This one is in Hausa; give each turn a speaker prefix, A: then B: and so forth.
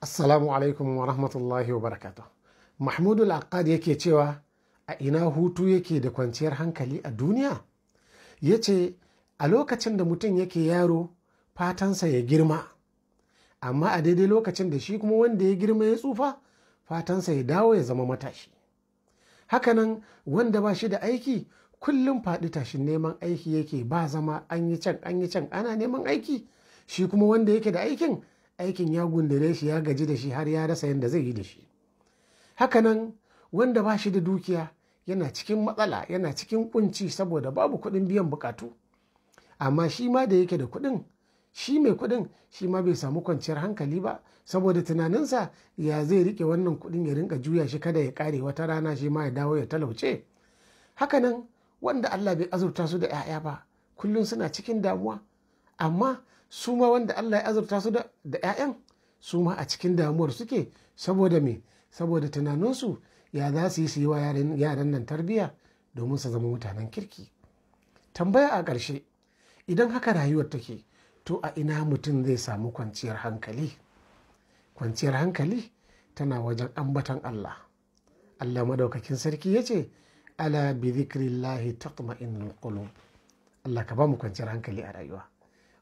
A: Assalamu alaikum wa rahmatullahi wa barakatuh. Mahmudu al yake cewa a ina hutu yake da kwanciyar hankali a duniya? Ya ce, a lokacin da mutum yake yaro fatansa ya girma, amma a daidai lokacin da shi kuma wanda ya girma ya tsufa fatansa ya dawo ya zama matashi. Hakanan wanda ba shi da aiki kullum faɗi tashin neman aiki yake ba zama an yi can an yi can ana neman aiki, shi kuma wanda yake da aikin aikin ya gundare shi ya gaji da shi har ya rasa yadda zai yi da shi hakanan wanda ba shi da dukiya yana cikin matsala yana cikin kunci saboda babu kuɗin biyan bukatu amma shi ma da yake da kuɗin shi mai kuɗin shi ma bai samu kwanciyar hankali ba saboda tunaninsa ya zai rike wannan kuɗin ya rinka juya shi kada ya ƙare wata rana shi ma ya dawo ya talauce hakanan wanda Allah bai azurta su da 'ya'ya ba kullum suna cikin damuwa amma su ma wanda Allah ya azurta su da 'ya'yan su ma a cikin damuwar suke saboda me saboda tunaninsu ya za su yi su yi wa yaran nan tarbiyya domin su zama mutanen kirki tambaya a ƙarshe idan haka rayuwar take to a ina mutum zai samu kwanciyar hankali kwanciyar hankali tana wajen ambatan Allah Allah madaukakin sarki ya ce ala bi zikrillahi tatma'innul qulub Allah ka ba mu kwanciyar hankali a rayuwa